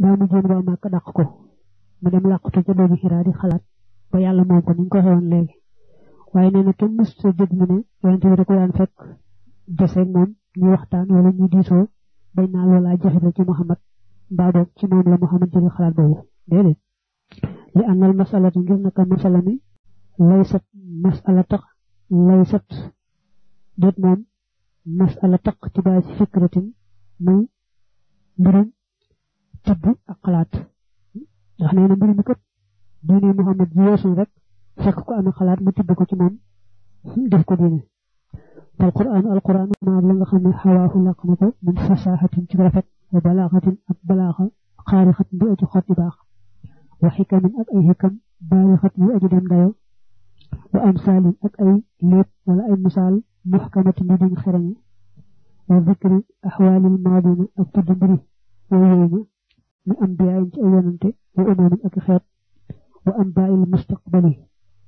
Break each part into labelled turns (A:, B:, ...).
A: doomu jeen waa màkk dàq ko mu dem làqatu ca doomu xiraa di xalaat ba yàlla moom ko ni ko xewoon léegi waaye nee na kenn mësta dégg mu ne yonte bi da ko daan fekk deseeg moom ñu waxtaan wala ñu diisoo bañ naa loolaa jaxale ci Muhammad mbaa boog ci moom la Muhammad jëlee xalaat boobu déedéet li àndal masalatu ngir naka masala mi laysat masala tax laysat déet moom masala tax ci baa ci fikratin muy mbirum tudd ak xalaat ndax nee na mbir mi kat diine muhammad ji yeesul rek fekk ko amee xalaat mu tibb ko ci moom def ko diine tal quran al quran maa la nga xam ne xawaahu làkk na ko min fasaaxatin ci rafet wa balaaxatin ak balaaxa xaarixat bi aji xot yu baax wa xikamin ak ay xikam baarixat yu aji dem dayo wa amsaalin ak ay léeb wala ay misaal muxkamatin yu duñ xereñe wa zikri axwaalil maadina ak tudd mbiri yooyu yooyu mu am biyaayin ci ay yonante wa umoomin ak xeet wa am baayil mustaqbali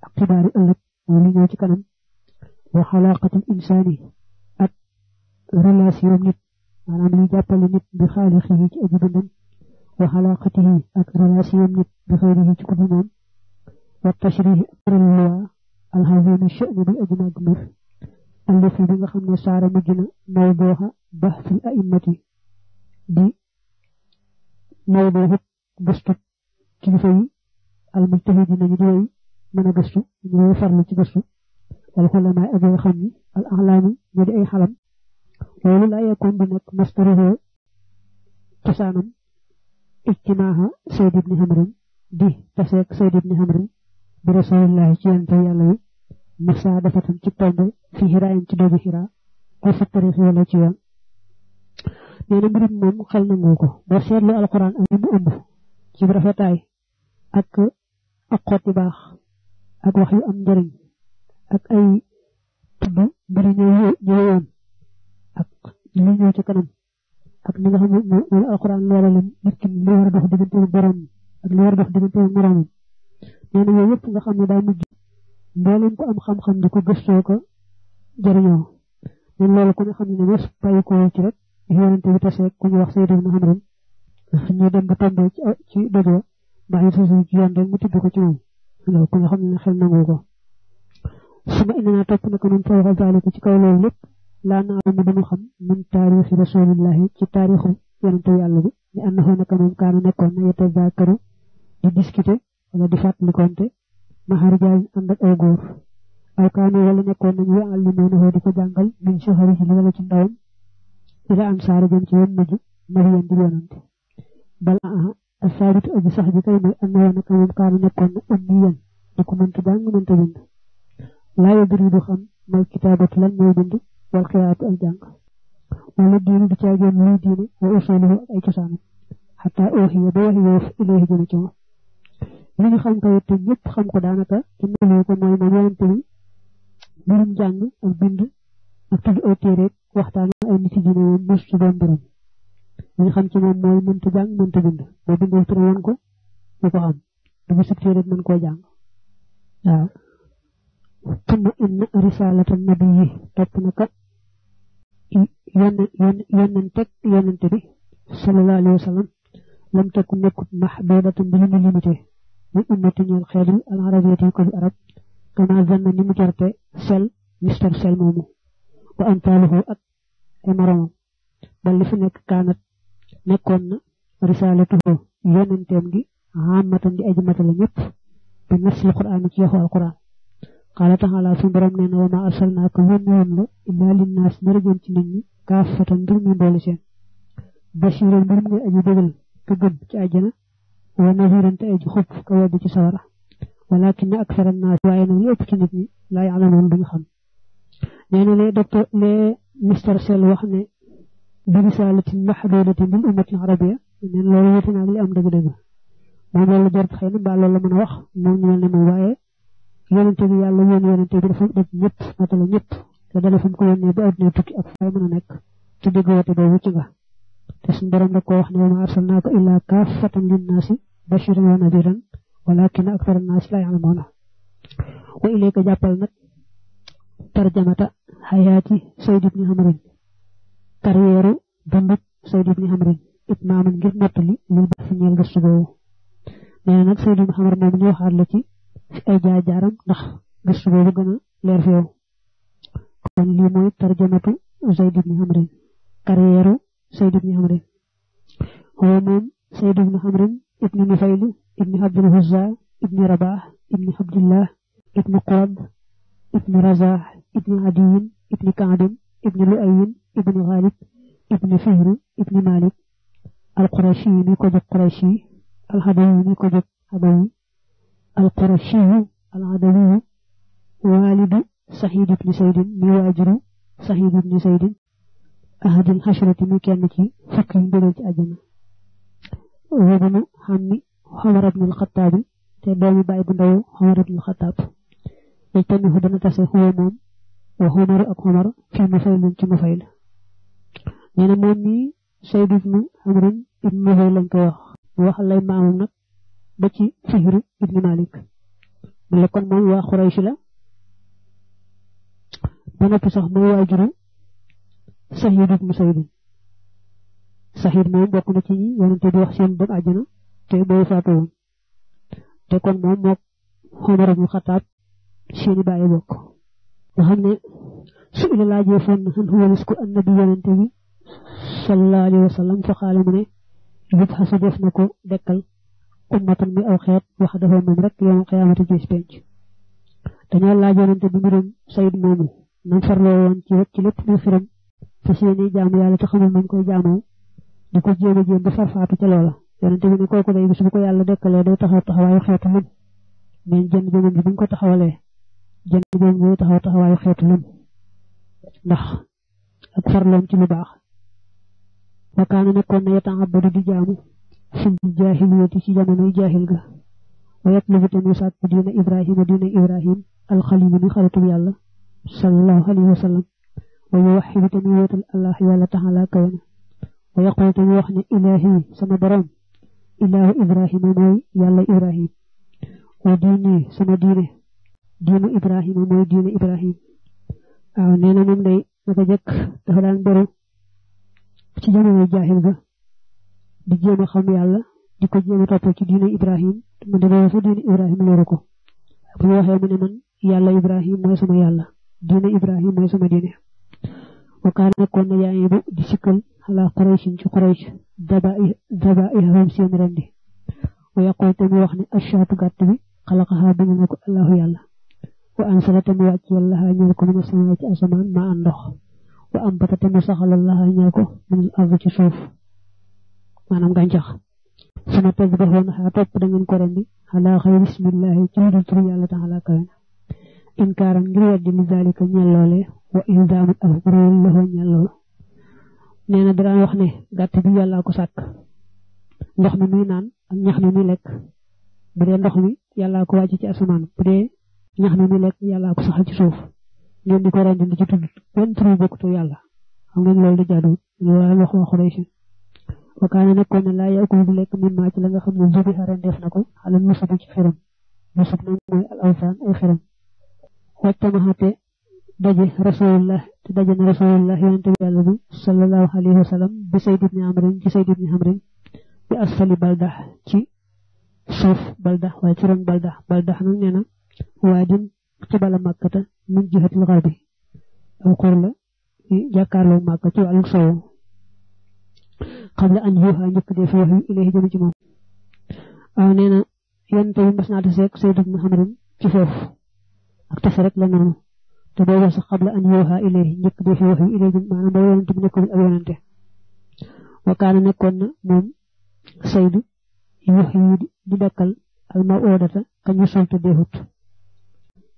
A: ak xibaari ëllëg mooy li ñëw ci kanam wa xalaaqatil insaani ak relation nit maanaam liy jàppale nit bi xaalixihi ci aji bindam wa xalaaqatihi ak relation nit bi xayrihi ci kubi moom wa tashrihi ak tëral luwa alxazimi chani bi aji màgg mbir allëf yi bi nga xam ne saara mujj na mawdooxa bax fil a'immati di mawdu hut gëstu kilifa yi al mujtahidina ñu di way mën a gëstu ñu way farlu ci gëstu wal xulama ak yoo xam ni al alaami ñu di ay xalam loolu laa yakun du nekk mastaruhu cosaanam ijtimaaha sayd ibni hamrin di taseek sayd ibni hamrin bi rasulillahi ci yante yàlla wi masa dafatam ci tombe fi xiraayin ci doobi xiraa aw fa tarix wala ci yoon neena mbirum mom xel na nguko bo setlu alquran ak bu ëmb ci rafetay ak ak xoti baax ak wax yu am njariñ ak ay tudd mbir ñëw ñëwoon ak ñu ñëw ci kanam ak li nga xam ne moom alquran leera leen nit ki li wara dox digënté ak borom ak li wara dox digënté ak borom nee na yëpp nga xam ne daa mujj leen ko am xam-xam diko ko gëstoo ko jëriñoo nee loolu ko nga xam ne ne bés ko ci rek yonent bi tase ku ñu wax Seydou Mouhamed ñu dem ba tombé ci dojoo rek mu tibb ko ci moom loolu ku ñu xam ne xel nangu ko su ma indee naa topp nag ñun fooy waxal daal ci kaw loolu lépp laa naa mu dañu xam min taarixi rasulillahi ci taarixu yonent yàlla bi li ànd xoo naka moom kaana nekkoon na yete zaakaru di discuter wala di fàttalikonte maxaar jaay ànd ak ay góor aw kaanu wala nekkoon nañu àlli moona xoo di ko jàngal min soxari ci li wala ci ndawam إلى أنصار جن جون نجي ما هي عند يونت بل آه الثابت أبو صحبة كيما أن أنا كيما قال نكون أميا نكون من تبان من تبند لا يدري دخان ما الكتابة لن يبند والقراءة الجان ولا دين بتاجين لي دين وأصوله أي كسان حتى أوهي بوه يوف إليه جنجوه li ñu xam ko yépp xam ko daanaka ci ñu ko moy ma yoonte ni ñu jàng ak bind ak tudd aw téere waxtaan ay nit ci diine woon mos ci doon borom ñu xam ci moom mooy mënta jàng mënta bind boo bindoo tur woon ko ñu ko am du bu sib téere mën koo jàng waaw tuma inna risalata nabi yi topp na kat yonente yonente bi sallallahu alayhi wa sallam lam takku nekkut mahbubatan bi lu ñu limité ñu ummati ñeel xeet yi al arabiyati ko bi arab kama zanna ni mu jarte sel mister sel moomu وأمثاله أك إمرام بل لسنك كانت نكون رسالته يونن تمدي عامة دي أجمة لنيب بنفس القرآن كي هو القرآن قال تعالى سنبرم نينا وما أرسلناك من يملو إلا للناس نرجم تنيني كافة درمي بولشين بشير المرمي أجي بغل كبب كأجنا ونهيرا تأجي خبف كوابك سورة ولكن أكثر الناس وعينا يأتكنتني لا يعلمون بالخمس nee na lee docteur lee mister sel wax ne bi misaalati maxduudatin min ummatin arabia nee na loolu wute naa li am dëgg-dëgg moom loolu jarut xëy na mbaa loolu la mën a wax moom ñu ne moom waaye yonente bi yàlla yoon yonente bi dafa def ñëpp matala ñëpp te dala fu mu ko yónnee ba adduna tukki ak fay mën a nekk ci dégg woote boobu ci nga te suñ borom da ko wax ne wa ma arsalnaaka illaa kaafatan linnaasi bashiran wa nadiran walakin aktar annaasi laa ya'lamuuna wa ilayka jàppal nag tarjamata hayati sayd ibn hamrin carrière dunduk sayd ibn hamrin itmaaman ngir nettali lil ba fi ñeel gëstu googu nee na nag ibn hamr moom ñu waxaat la ci ay jaajaaram ndax gëstu boobu leer fi yow kon tarjamatu ibn hamrin carrière sayd ibn hamrin هو من سيد بن عمرو ابن نفيل ابن عبد الهزاع ابن ابن رزاح ابن عدي ابن كعب ابن لؤي ابن غالب ابن فهر ابن مالك القرشي نكود القرشي الهدوي نكود الهدوي القرشي العدوي والد سعيد بن سيد مواجر سعيد بن سيد أحد الحشرة مكانك فكر بلد أجنة وابن حمي عمر بن الخطاب تبالي باي بندو بن الخطاب wa tamhu dana tassé huwa mom wa humar ak humar fi mafayl ci mafayl neena mom mi sayyid ibn amr ibn mafayl lañ ko wax wax lay maamum nak ba ci fihr ibn malik mu la kon mom wa quraish la ba nopi sax mo wajuru sayyid ibn sayyid sahid mom bokku na ci yonente bi wax seen dem aljana seeni bàyyi bokk nga xam ne su ila laajee fenn xan walis ko annabi yonente bi sallallahu alayhi wa sallam fa xaala mu ne yub na ko dekkal ummatan mi aw xeet wax dafa moom rek yoom xiyaamati gis penc dañoo laaj yonente bi mbirum sayid moomu nam farloo woon ci rek ci lépp luy xiram te seeni jaamu yàlla te xamul nañ koy jaamoo di ko jéem a jéem ba ca loola yonente bi ne kooku day bis bu ko yàlla dekkalee day taxaw taxawaayu xeetu mën mais jënd jëmam bi bu ko taxawalee Jangan moom muy taxaw taxawaayu xeetu lëm ndax ak farloom ci lu baax wa kaana nekkoon na yataabadu di jaamu fil jaahiliyati ci jamonoy jaahil ga wa yatlubu te muy sàkku diina ibrahima dina ibrahim alxalilu ni xaritub yalla. sallallahu alaihi wasallam. sallam wa yuwaxidu te muy wéetal allah yàlla taxala kawana wa yaqul te muy wax sama borom ilaahu Ibrahim mooy yalla ibrahim wa sama diine diinu ibrahim mooy diinu ibrahim aw neena na day naka jek dafa daan boru ci jamono jahil ga di jema xam yalla di ko jema topo ci diinu ibrahim mo de loolu diinu ibrahim loru ko bu ñu waxe mu ne man yalla ibrahim moy sama yalla diinu ibrahim moy sama diine wa kana ko na yaay bu di sikkel ala quraysin ci quraysh daba dabai xaram seen rendi wa yaqul te mu wax ne ashaatu gàtt bi xalaqaha bind na ko wa ansala te mu wàcceel laha ñeel ko ci asamaan ma andox wa ambata te mu saxalal laha ñeel ko ci suuf manam gàncax sama tegg ba xoon ha topp da ngeen ko rendi ala xëy Bismillah ci lu tur yalla taala in kara ngir weddi ni zalika ñalole wa in ak réel la xoo ñeel lool wax ne gatt bi yalla ko sak ndox mi muy naan ak ñax mi muy lek bu de ndox mi yalla ko wacc ci asman bu de ñax mi ñu lekk yàllaa ko saxal ci suuf ngeen di ko rendi ci tudd benn tur bokkatu yàlla xam ngeen loolu da jaaduwul loolu wax waxu rëy si wakaana nag kon laa yakul du lekk min maa la nga xam ne jubi xaren def na ko alal musubi ci xeram musub nag mooy al awsaan ay xeram wajtamaxate daje rasulullah te daje na rasulullah yonente bi yàlla alayhi wa sallam bi sayd ibni amrin ci sayd bi asfali baldax ci suuf baldax waaye ci ron baldax baldax nag nee waajin ci bala màkkata min jihatul xarbi aw xor la jàkkaarloo màkka ci walu sow qabla an yuha njëkk def wax yu ilahi jëm ci mom aw neena na yonte bi mas naa sayyidu muhammadin ci foofu ak tafa rek la noonu te do wax qabla an yuha ilahi njëkk def wax yu ilahi jëm maanaam boobu yonente bi nekkul ab yonente wa kana nekkon na mom sayyidu yuux di dakal al maudata oodata kañu solta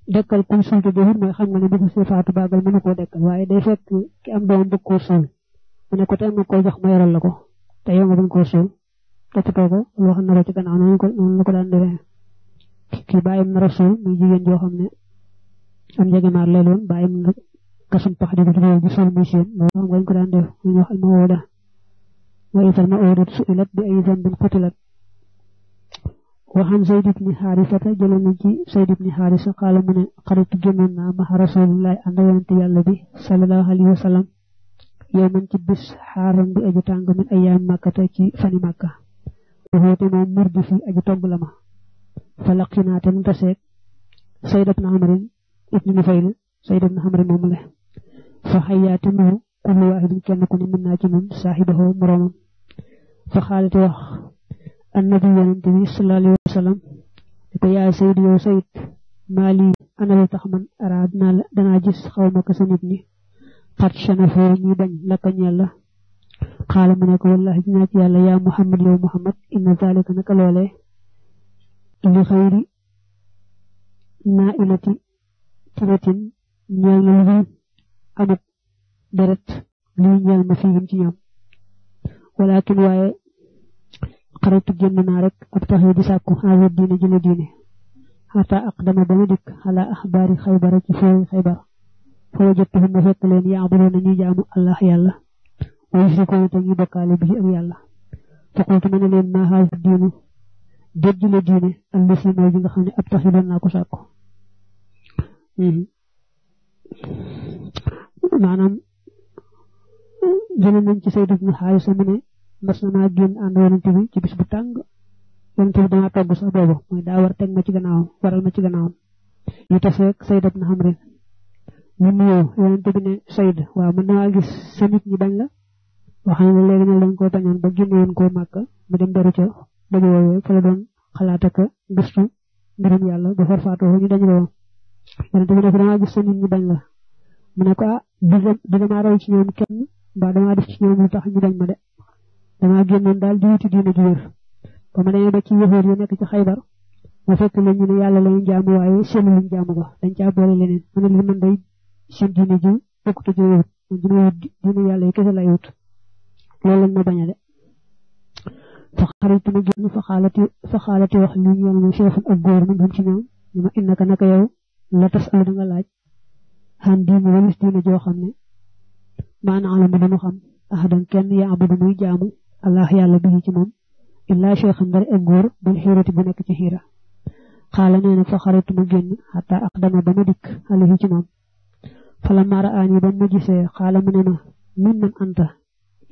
A: dekkal kum sant jëfër mooy xam nga ne bëgg si faatu baagal mënu koo dekkal waaye day fekk ki am doom bëgg koo suul mu ne ko te am na jox ma yaral la ko te yow nga bañ koo suul ci ko loo xam ne ko ci gannaaw noonu ko noonu la ko daan defee kii bàyyam na rasul muy jigéen joo xam ne am njegemaar lay loon bàyyam na kasum pax di ko tuddee di suul muy seen loolu nga ko daan def ñu wax al mawooda wa itam ma su ilat bi ay zambin qutilat وعن زيد بن حارثة جل منجي زيد بن حارثة قال من قرأت جمعنا مع رسول الله أن يوانت يالبي صلى الله عليه وسلم يوما كبس حارم بأجتانك من أيام مكة كي فني مكة وهو تما مرد في أجتانك لما فلقنا تنتسك سيد بن عمر ابن نفيل سيد بن عمر مملح فحياته كل واحد كان كن من ناجم صاحبه مرون فخالت وخ النبي صلى الله عليه وسلم wasallam ko yaa sayd yow sayd maali ana la tax man araad naa la danaa gis xaw ma ko sa nit ñi xat chanafoo ñi bañ lakka ñeel la xaala mu ne ko wallahi dinaat yàlla yaa muhammad yow muhammad inna zalika naka loolee li xayri naa ilati tiratin ñeel na lu amut deret luy ñeel ma fiim ci ñoom walakin waaye xaratu genn naa rek ab taxaw di sàkku awe diine jële diine xata aqdama ba mu dikk ala axbaari xaybara ci fooy xaybar fa wajattuhum ma fekk leen yaabuduna ya ñuy jaamu allah yàlla ya wa yusrikuuna te ñuy bokkaale bi ak yàlla fa qultu ma ne leen maa xaaju diinu déj la diine allisi mooy gi nga xam ne ab taxi doon naa ko sàkku maanaam jële nañ ci saydu ibnu xaarisa mu ne mas na maa génn ànd yonente bi ci bis bu tàng yonente bi dama togg sax boobu mooy daa war teg ma ci gannaawam waral ma ci gannaawam yu taseeg Sayd ibn Amr ñu nuyoo yonente bi ne Sayd na maa gis sa nit ñi bañ la waxam ne léegi ne dañ koo bañoon ba génne woon koo màkk mu dem beru ca dañu woowee fa la doon xalaat ak gëstu mbirum yàlla ba farfaatoo ñu dañu woon yonente bi ne ko damaa gis sa nit ñi bañ la mu ne ko ah di damaa raw ci ñoom kenn mbaa damaa def ci ñoom lu tax ñu bañ ma de damaa génnoon daal di wuti diina ju wér ba ma demee ba ci yëfër yi nekk ci xaybar ma fekk la ñu ne yàlla lañu jaamu waaye seen luñ jaamu ko dañ boole leneen ma man day seen diine ji bokkut ak yooyu dina yàlla yi kese lay wut loolu lañ ma bañale fa xaritu ma génn xaalati fa xaalati wax li ñu yenn seexul ak góor mu ñoom ñu innaka naka yow la tas alu da a laaj xan diine walis diine joo xam ne a lu mu xam ahadan kenn yaa abudu muy jaamu allah yàlla bi ci moom illaa cheikhan bari ak góor bul xiirati bu nekk ci xiira xaala nee na fa xaritu ma génn xataa ak dama ba ma dikk alihi ci moom fala mara aani ba ma gisee xaala mu ne ma min man anta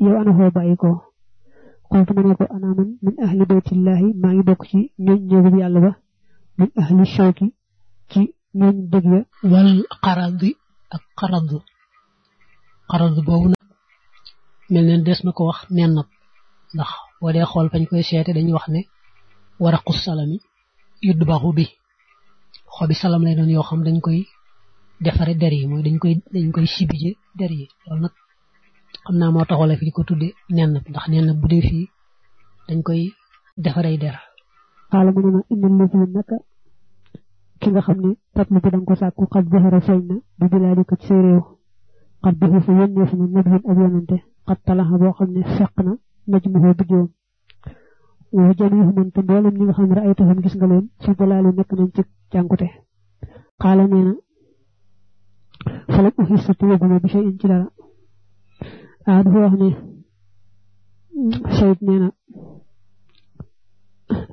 A: yow ana foo bàyyi ko xultu ma ne ko ana man min ahli baytillahi maa ngi bokk ci ñooñ néegub yàlla ba min ahli
B: shawki ci ñooñ dëgg ya wal xarandi ak xarand xarand boobu nag mel neen des na ko wax nen nab ndax boo dee xool fañ koy seete dañuy wax ne waraqu salami yudbaxu bi xobi salam lay doon yoo xam dañ koy defare der yi mooy dañ koy dañ koy sibije der yi loolu nag xam naa moo taxoole fi di ko tudde nenn ndax nenn bu dee fii dañ koy defaree der
A: xaala mu ne ma indil la fii ki nga xam ne tat mu dang ko sàkku xat baxara feeñ na bu bilaa di ko ci sa réew xat baxu fa yónneef na nag ak yonante xat talaxa boo xam ne fekk na majmuhu bu joom wa jami'uhum te mbolam ñi nga xam ra'aytahum gis nga leen fi dalali nek nañ ci jangute qala neena falam uhissatu yaguma bi shay'in ci dara aad ho wax ne sayid neena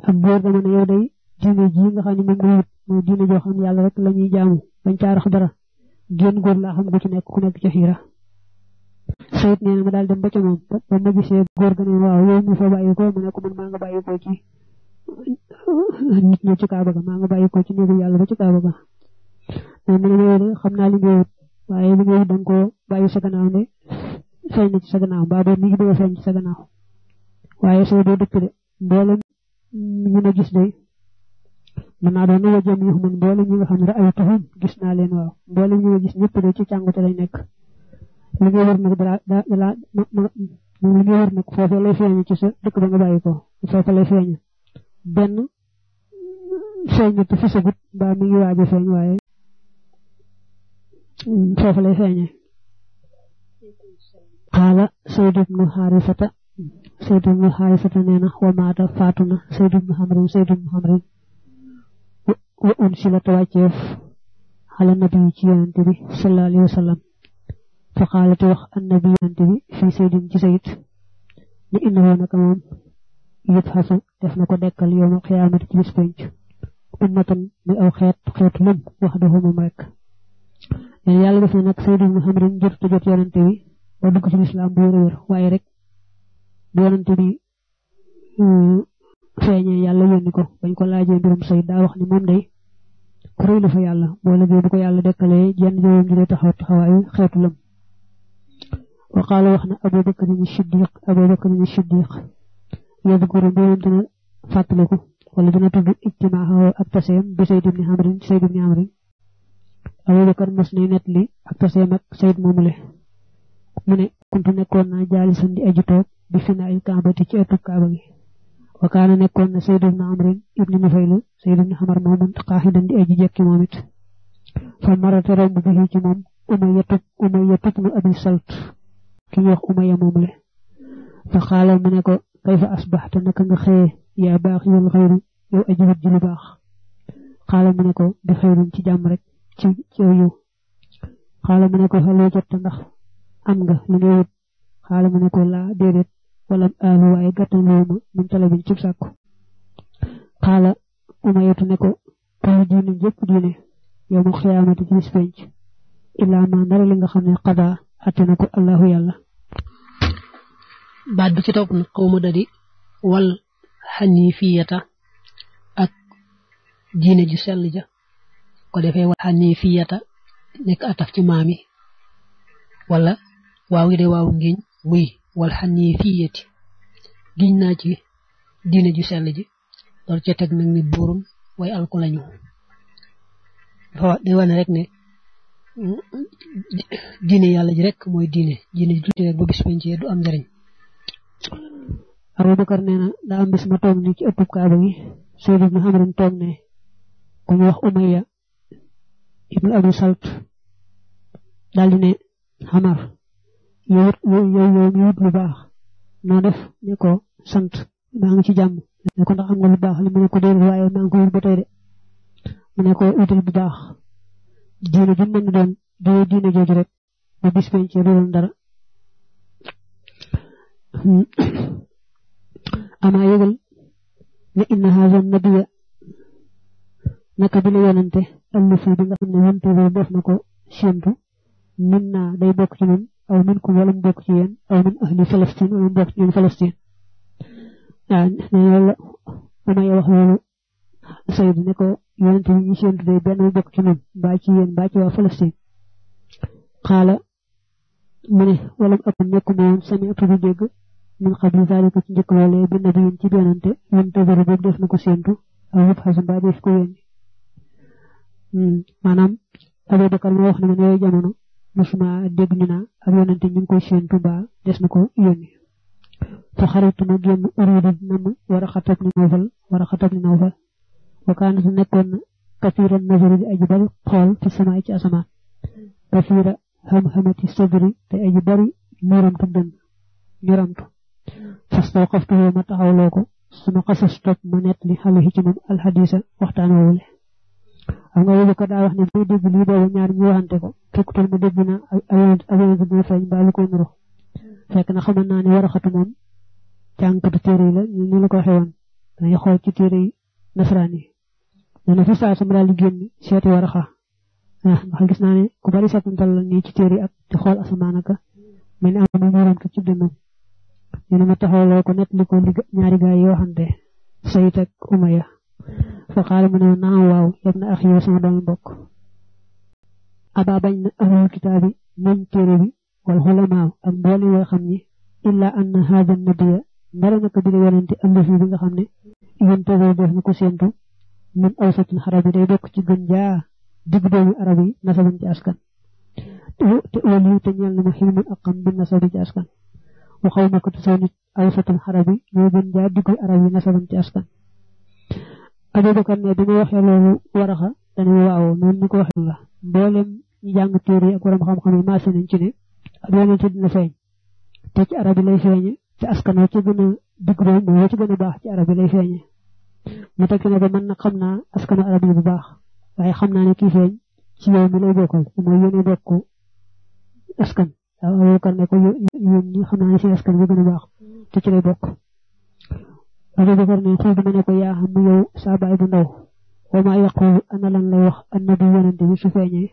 A: ak góor dama ne yow day diine ji nga xam ne moom nga wut diine xam rek jaamu bañ rax dara xam ci ku sayit neena ma dal dem ba ca moom ba ma gisee góor ga ne waaw yow mu fa bàyyi ko mu ne ko man maa nga bàyyi ko ci nit ñi ci kaaba ga maa nga bàyyi ko ci néegu yàlla ba ci kaaba ga mais mu ne ma yow de xam naa li nga wut waaye li nga wut da nga koo bàyyi sa gannaaw ne feeñ na ci sa gannaaw mbaa doon mi ngi bëgg a feeñ ci sa gannaaw waaye soo doo dëkk de mboolem ñu ma gis de mën naa doon nu jëm yu xamun mboolem ñi nga xam ne ra ay tuxum gis naa leen waaw mboolem ñu nga gis ñëpp de ci càngute lay nekk li ngay wër nag dala li ngay wër nag lay ci sa dëkk ba nga bàyyi ko lay benn te fisagut mbaa mi ngi waaj a feeñ waaye lay qaala ibnu xaarifata ibnu xaarifata nee na wa maata faatu na nabi ci sallallahu alayhi wa فقال توخ النبي ينتبه في سيد جسيد لإنه هناك مام يبحث دفن قدك اليوم القيامة جيس بينج أمة لأو خيط خيط لم وحده ممرك يعني يالي دفن هناك سيد محمد جير تجد ينتبه وبك في الإسلام بيرير وعيرك ينتبه fegna yalla yoni ko bañ ko laaje birum sey da wax ni mom day ko reyna fa yalla bo la be bu ko yalla dekkale jenn joom ngi lay taxaw taxaway xetulum وقال وخنا أبو بكر الصديق أبو بكر الصديق يذكر بهم دنا فاتلكو ولا دنا اجتماعها أكتسيم بسيد بن عمرو سيد بن عمرو أبو بكر مسني نتلي أكتسيم سيد مومله من كنت نكون جالسا دي أجتوب بفناء الكعبة تشأت الكعبة وكان نكون سيد بن عمرو ابن نفيل سيد بن عمر مومن قاهدا دي أجي جاكي مومت فمرت رب به كمام أمية أمية بن أبي سلط ki ñuy wax umaya moom le fa xaalal mu ne ko kay fa asbaxta naka nga xëye yaa baax yow xayru yow ajiwit ji lu baax xaalal mu ne ko bi xayrun ci jàmm rek ci yow yow xaalal mu ne ko xaloo jot ndax am nga li ngay wut xaalal mu ne ko laa déedéet wala aalu waaye gàttan loolu ma mun talabin cib sàkku xaala umayatu ne ko kalu diine jëpp diine yow mu xiyaamati ci bis penc illaa ma ndara li nga xam ne xadaa atte na ko allahu yàlla
B: baat bi ci topp na xaw ma dadi wal xanifiyata ak diine ju sell ja ko defee wal xanifiyata nekk ataf ci maami wala waaw gi de waaw ngiñ muy wal xanifiyati giñ naa ci diine ju sell ji door ca teg nag ni buurum way alku lañu dafa day wane rek ne diine yàlla ji rek mooy diine diine ji tuuti rek ba bis penc du am njariñ abubakar nee na daa
A: am bis ma toog ni ci ëttub kaaba gi sayid am hamrin toog ne ku ñu wax umayya ibnu abu salt daldi ne xamar yow yow yow mi wut lu baax noo def ne ko sant maa ngi ci jàmm ne ko ndax am nga lu baax li mu ne ko déedéet waaye maa ngi ko wut ba tey de mu ne ko utal bu baax diine ju mën doon du diine jooju rek ba bis penc doon dara ama yëgal ne inna haza nabiya naka bi la yonante ëllu fii bi nga xam ne wante bi def na ko séntu min naa day bokk ci ñun aw min ku wala mu bokk ci yéen aw min ahli Palestine wala mu bokk ci ñun Palestine waaw nee na yàlla ama wax loolu Usayd ne ko yonent yi ñu séntu benn bu bokk ci mbaa ci yéen mbaa ci waa Palestine xaala mu ne wala mu ëpp nekkuma woon sami ëpp bi dégg min qabli zalika ci ci benante yéen tëbëru boobu def na ko séntu aw yëpp xasu mbaa def ko wéññi hmm, maanaam Abu Bakar moo wax ne man yooyu jamono mosuma dégg ñu naa ak yonent ñu ngi koy ko yónni fa xaritu ma génn uridu namm war a xatab ni nawfal war a xatab ni nawfal وكان نكون كثيرا نظر الأجبر قال في السماء في السماء كثيرا هم همة الصدر الأجبر نيرم كدن نيرم فاستوقفت يوم تعالوك ثم قصصت منت لحاله جمم الحديثة وقتان أولي أنا أولي كدا وحن بيدي بليدا ونعر يوحن تكو تكتل مددنا أولي أولي فاين بألكو نرو فاكنا خمناني ورخة من كان كتيري لنلقى حيوان يخوي كتيري نفراني nee na fa sama daal di génn seeti waraxa ah gis naa ne ku bari seetantal la nii ci téere ak di xool asamaan ak mel ni am na mu yoroon ci dënnam nee na taxawloo ko nett li ko ñaari gaay yoo xamante sayit ak umaya fa xaala mu ne naam waaw na ax yow sama doomu mbokk aba wal xam ni illaa anna haada nabiya ndara naka bi la yonente allafi bi nga xam ne yonte def na ko séentu min awsatul harabi day bokk ci gën jaa digg doomi arab yi nasabuñ ci askan te waliyu te ñeel na mu xilmul aqam bi nasabi ci askan wa xaw ma ko tasaw nit awsatul xarabi ñoo gën jaa diggu arab yi nasabuñ ci askan abubakar ne bi ma waxee loolu waraxa dañu waaw noonu ñu ko waxee la mboolem ñi jàng téere yi ak waram xam-xam ci ne dina te ci lay askan mu tekki ne ba mën na xam naa askanu arab yi bu baax waaye xam naa ne kii feeñ ci yow mi lay bokkal mooy yéen a bokk askan waaw Abubakar ne ko yéen ñi xam naa ne seen askan bi gën a baax te ci lay bokk Abubakar ne xul dama ne ko yaa xam yow saa baay bu ndaw wa maa yaqul ana lan lay wax annabi yonente bi su feeñee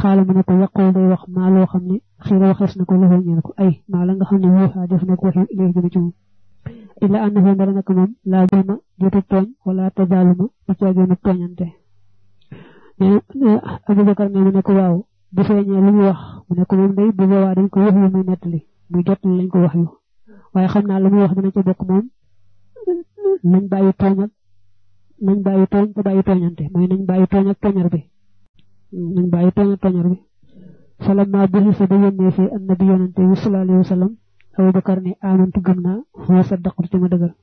A: xaala mu ne ko yaqul day wax maa loo xam ne xëy na waxees na ko loxo ñeel ko ay maa la nga xam ne yuuxaa def na ko waxi léegi jëme ci moom ila illa annahu ndara nak mom la dama jotu togn wala tazaluma bu ci tognante toñante abou bakkar ne ne ko waaw bu feñe lu ñu wax mu ne ko mom day bu baawa dañ ko wax lu muy netti bu jot lañ ko wax ñu waye xamna lu muy wax dina ci bokk mom nañ bayyi toñal nañ bayyi togn ko bayyi tognante moy nañ bayyi toñ ak toñar bi nañ bayyi toñ ak toñar bi falamma bihi sabayyana fi annabi yonante sallallahu alayhi wasallam Abubakar ne amantu gëm naa wa saddaqtu te ma dëggal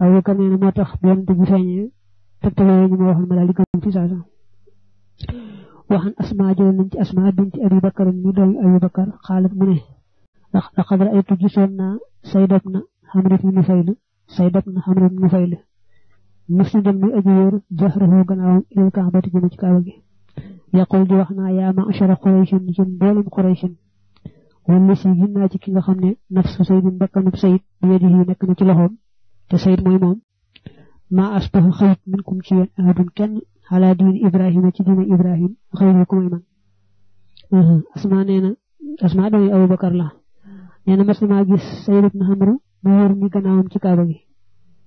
A: Abubakar nee na tax bu yonent bi feeñee ma waxoon ma daal di sa waxan asma jël ci asma binti abi bakar ñu doomi bakar xaalat mu ne laqad ra'aytu gisoon naa saydat na xamrit mu nufayl saydat na xamrit mu nufayl musnidam muy aji wóor jahrahu gannaawam ilal kaabati jëm ci kaaba gi yaqul di wax ومشي جنة كي خمني نفس سيد بكنا بسيد بيده نكنا كي لهم تسيد ميمون ما أصبح خيط منكم شيئا أهد كان على دين إبراهيم كي دين إبراهيم خيركم ميمون أسمانينا أسماء دوني أبو بكر الله نينا مسلم أجيس سيد ابن همرو بيور ميقناهم كي كابا بي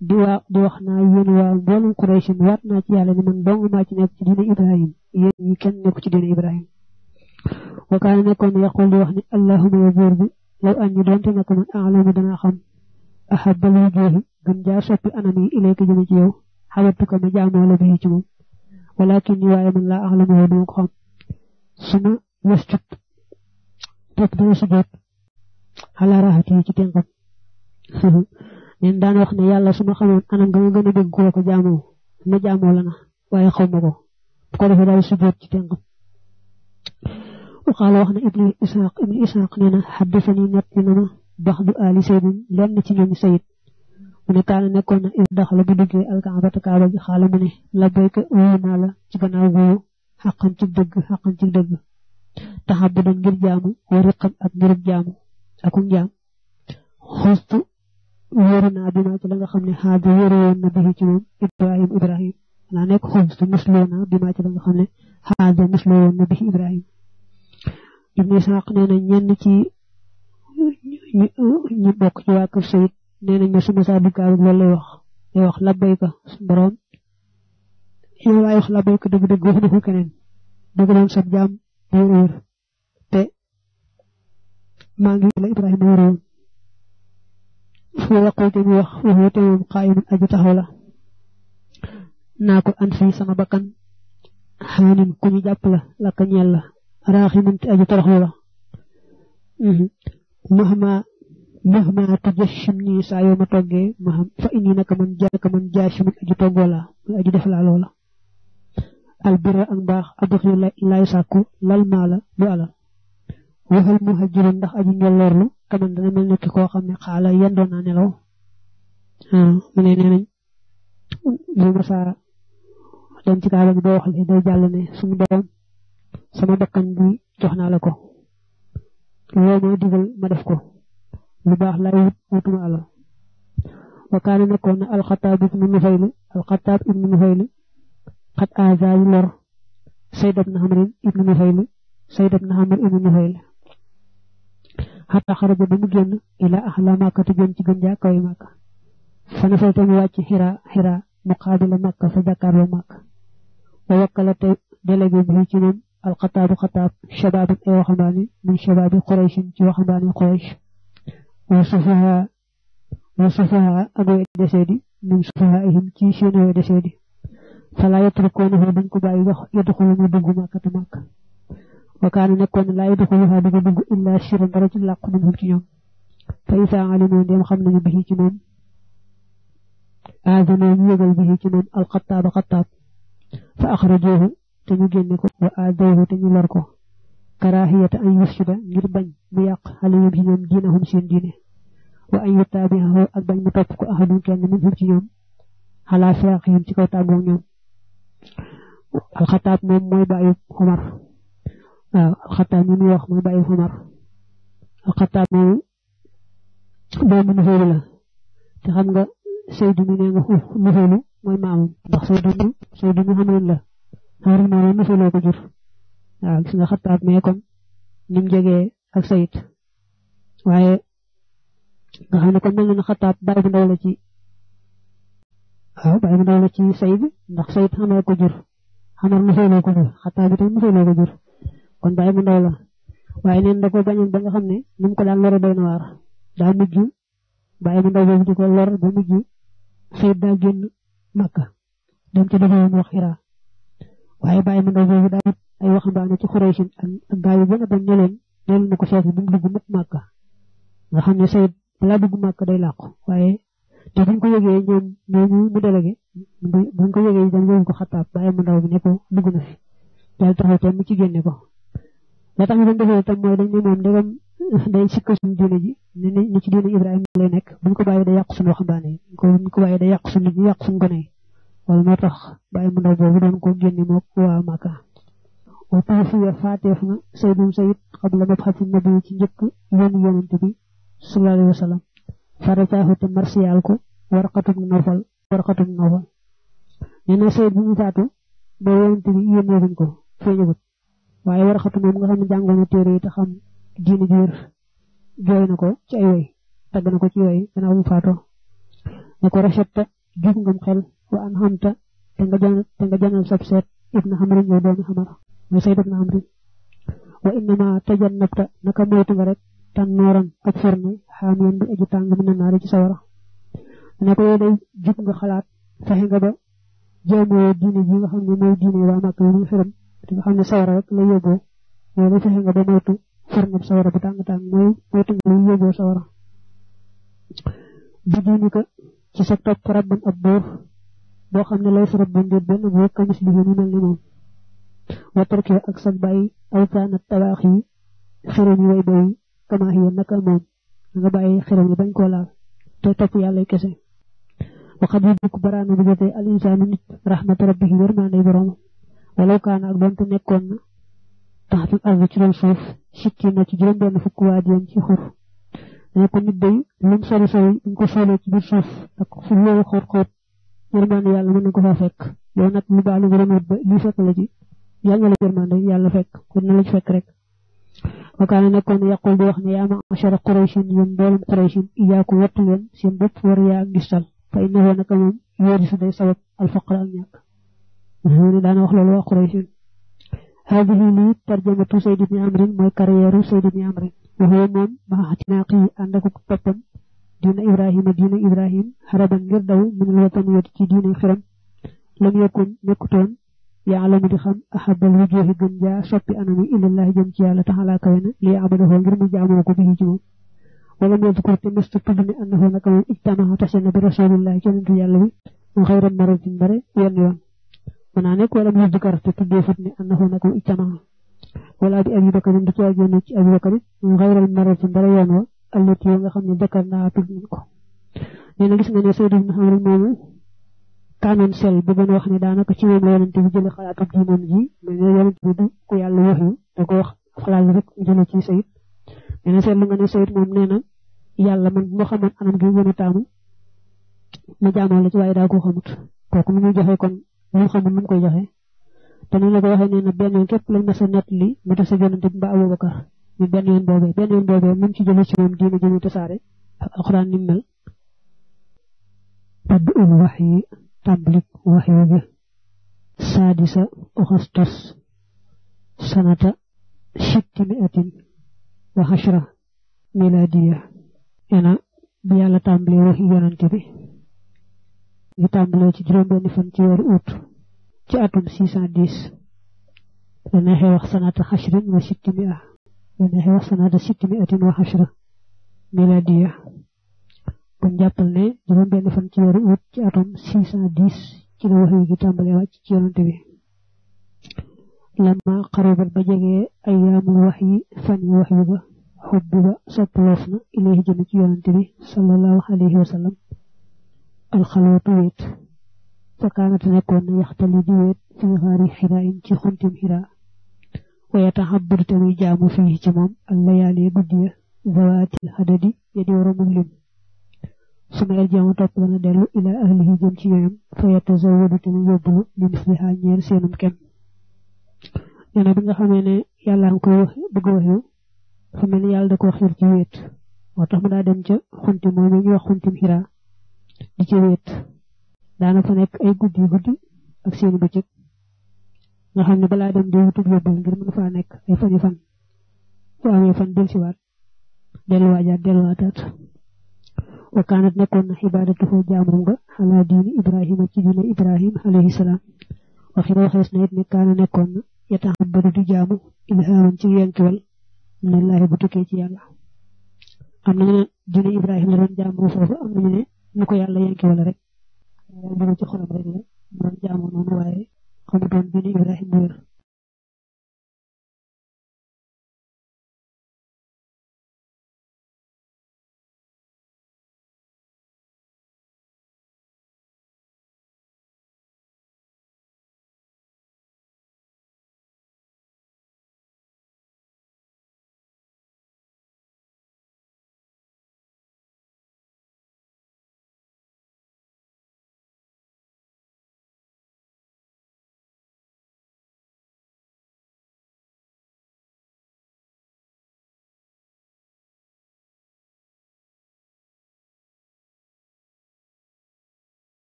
A: دوا دوخنا يون والدون قريش واتنا كي على نمان بانغ ما كي دين إبراهيم يكن نكو دين إبراهيم wa kaana nekkoon yaqul di wax ni allahuma ya buur bi law an ñu doonte nekk man alamu dana xam ahabal wujuhi gën jaa soppi anam yi ilayka jëme ci yow xawattuka ma jaamoo la bii ci moom walakin ñu waaye man laa alamu woo duma ko xam suma yasjud topp dana sujjoot xalaa raxati ci tenqam neen daan wax ne yàlla su ma xamoon anam nga ma gën a dégg koo ko ci tenqam waxaala wax na ibnu isaaq ibnu isaaq nee na xaddasani net ni na ma bax du aali saydin lenn ci ñoom sayid mu ne kaana nekkoon na is daxala bu duggee alkaabata kaaba bi xaala mu la béyka wuyu naa la ci gannaaw wuyu xaqan ci dëgg xaqan ci dëgg taxab bu doon ngir jaamu wa riqam ak ngirub jaamu nga xam ne xaaju wóoru woon na bii ibrahim ibrahim ibnu saq neena ñenn ci ñu bok ci waq sayyid sayid neena ñu suma sa dugg ya, ak lay ya, wax day ya, wax labbayka sun borom ñu lay wax labbayka dëgg deug wax defu keneen deug doon sa jam di wër te ma ngi lay ibrahim ibrahima wëroon fu ko te wax waxu te moom qaayimun aju taxawla nako an fi sama bakkan xaanin ku ñu jàpp la la ka ñel la rahimun ta ju torox la mahma mahma ta jashim ni sa yo ma fa inni nak man ja ka man ja shim ju togo la ju def la lola al birra ak bax abdu saku lal mala du Wahal wa hal muhajir ndax aji ngelor lu ka man dana melni ko xamni xala ya yendo na ne law hmm ne ne ne ni ngi sa don ci ka sama bakkan bi jox la ko loo ma digal ma def ko lu baax laay wutuma alal wa kaana nekkoon na alxataab ibnu nufayl alxataab xat aazaayu lor sayd ibnu amr ibnu nufayl sayd ibnu amr ibnu nufayl ba mu génn ilaa axlaa màkkati jëm ci gën jaa kawe fa nafal te mu wàcc xiraa xiraa muqaabila màkka fa jàkkaarloo màkka wa wakkala te délégué bi ci moom الخطاب خطاب شباب وخماني من شباب قريش وخماني قريش وصفها وصفها أبو الدسيدي من صفائهم كي شنو الدسيدي فلا يتركونه بنك بايدو يدخلون بنك ماكة ماكة وكان نكون لا يدخلها بنك بنك إلا شر درج الله قدمه كيوم فإذا علموا ديم خمنا به كمان آذنا يغل به كمان القطاب قطاب فأخرجوه te ñu génne ko wa aadawhu te ñu lor ko ngir bañ mu yàq alayhim ci ñoom diinahum seen diine wa an yutaabiahu ak bañ mu topp ko ahadun kenn minhum ci ñoom xalaa firaaqihim ci kaw tàggoo moom mooy bàyyi Omar waaw alxataab ñu muy wax mooy bàyyi Omar alxataab moom doomu Nufaylu la te xam nga Seydou mi nee nga Nufaylu mooy maamam ndax Seydou Seydou mu xamoon la xaaru naa la nusaloo ko jur waaw gis nga xattaab mais kon ni mu ak sayit waaye nga xam ne kon mel na ne xattaab bàyyi bu ndaw la ci sayit ndax sayit xamee ko jur xamar nusaloo ko jur xattaab itam nusaloo ko kon bàyyi bu ndaw la waaye neen da ko bañoon ba xam ne ni ko daan lore doy na waar daa mujj bàyyi bu ndaw boobu di ko sayit daa génn màkka dem ci dafa woon wax waaye bàyyi ma ndaw boobu daa ay waxambaane ci xoreysin ak bàyyi bu la bañ ne leen loolu na ko seet bu mu dugg mukk màkka nga xam ne sayid balaa dugg màkka day làqu waaye te buñ ko yëgee ñoom ñooñu mu délégué buñ ko yëgee dañ yóbbu ko xattaab bàyyi ma ndaw bi ne ko dugg na fi daal taxaw te mu ci génne ko la tax ñu doon defee tam mooy dañ ne moom ndegam day sikka suñu diine ji ne ni ci diine Ibrahima lay nekk buñ ko bàyyi day yàq suñu waxambaane yi buñ ko bàyyi day yàq suñu yàq suñu gone yi wal mo bay mu ndaw bobu don ko genn mo ko wa maka wa ya fatif na sayyidum sayyid qabla mabhatin nabi ci ñepp yoon yonent bi sallallahu alaihi wasallam ta hu marsial ko warqatu nawfal warqatu nawfal ñene sayyid bu mu faatu ba yonent bi yone wuñ ko feñagut waye warqatu mom nga xamni jangal na téré ta xam diini jeur joy nako ci ay way tag nako ci way dana mu faato ne rafet jub ngam xel wa an hamta te nga jàng te nga jàngal sab seet ibn xamri ñoo doon xamar mu sayd ibn xamri wa inna ma tajannabta naka moytu nga rek tan noram ak ferme xaamiyan bi aji tang mën naari ci sawara naka yo day jup nga xalaat fexe nga ba jéemoo diini yi nga xam moy diini wa waa màkk yi muy te nga xam sawara rek la yego yow day fexe nga ba moytu ferme sawara bu tang tàng moy moytu nga yego sawara bi diini ka ci sa top rabban abdur boo xam ne lay sarab bandeet benn boo kamis li ñu mel ni moom watarkee ak sag bàyyi awtaana tabaax yi xërëm yi way doy kamaax yi naka moom nga bàyyi xërëm yi bañ koo laal te topp yàlla kese waxat yi bukk baraana bu jotee al insaanu nit rahmata rabbihi yërmaande borom walaw kaana ak doonte nekkoon na taxatul ardu ci loolu suuf sikki na ci juróom benn fukk waa diyan ci xur ko nit day lum sori sori ñu ko soolee ci biir ak fu loolu xóot xóot yermane yalla mën ko fa fekk yow nak mu balu borom wut ba li fekk la ci yalla la yermane yalla fekk ko na la ci fekk rek wa kana wakaane nekkoon yàqul bi wax ni ya ma achara yum yéen mboolum ya ko wattu leen seen bopp war ya gisal fa innahu naka moom yori su day al faqra al yak ne dana wax loolu waa quraychin هذه لي ترجمة سيد بن عمرو moy carrière سيد بن عمرو وهو mom ba اعتناقه andako topam diina ibrahima diina ibrahim xaraban ngir daw minul watan wet ci diina xiram lam yakun nekkutoon yaalamu di xam ahabal wujuhi gën jaa soppi anami ilallahi jëm ci yàlla taxalaa kawena lii abadahoo ngir mu jaamoo ko bihi ci moom wala mu yadkur te mësta tudd ne annahu naka moom ijtamaha tase na bi rasulillahi ci nantu yàlla wi mu xayra maratin bare yenn yoon mën naa nekk wala mu yadkar te tuddee fut ne annahu naka moom ijtamaha wala bi abi bakar du ci ajee ci abi bakar mu xayral maratin bare yoon wa allati nga xam ne dëkkal naa tudd nañ ko nee na gis nga ne Seydou ibn Amr moomu kaanoon sel bu gën a wax ne daanaka ci moom la yonente bi ku yàlla wax yu da ko wax xalaat rek jële ci Seyd nee na nga ne Seyd moom nee na man moo xamoon anam gi gën a taamu ma jaamoo ci waaye daa koo xamut kooku mu ñuy joxe kon lu xamul nu koy joxe te ni la ko waxee nee na benn képp lañ ma sa nett li mu def sa yonente ñu benn yoon boobee benn yoon boobee mu ci jëlee ci moom diine jëmu tasaare ak alxuraan ni mel tabb ul waxyi tablik waxyu bi saadisa oxastos sanata sittimiatin wa hashra miladiya ena bi yàlla tàmbalee waxi yonante bi ñu tàmbalee ci juróom benn fan ci weeru août ci atum 610 dana xewax sanata hashrin wa sittimia ونحو سنة ستمائة وعشرة ميلادية kon jappal ne juroom jangan fan ci yoru ut ci atum 610 ci la waxee gi tàmbale wàcc ci yonante bi lama xarabat ba jege ayaamul wax yi fan yi wax yi ba xubb ba sopp loof na ilayhi jëm ci sallallahu alayhi wa sallam alxalootu weet fa di wa yataxabbadu te muy jaamu fii ci a ak layaali guddi ya zawaatil xadadi ya di waroomu lim su ma erjeema topp dana dellu ilaa ahlihi jëm ci yoyam fa yatazawwadu te mu yóbbulu li misliha ñeel seenum kem nee na bi nga xamee ne yàlla nga koy wax bëgg waxiw xiir ci wéet moo tax mu daa dem ca xunti moom ñu wax xuntim xiraa di ca wéet daana fa nekk ay guddi guddi ak seeni bëccëg nga xam ne balaa dem di wutub yóbbal ngir mën faa nekk ay fani fan bu amee fan del siwaat delluwaajaat delluwaataat wa kaanat nekkoon na xibaadatuhu jaamum nga xalaa diini ci diine ibrahim alayhi salaam waxi waxees na ne kaana nekkoon na yataxabadu di jaamu ilhaaman ci yankiwal minallaahi bu tukkee ci yàlla am nañu diine ibrahim la doon jaamu foofu nu ko xam nga doon benn Ibrahima wér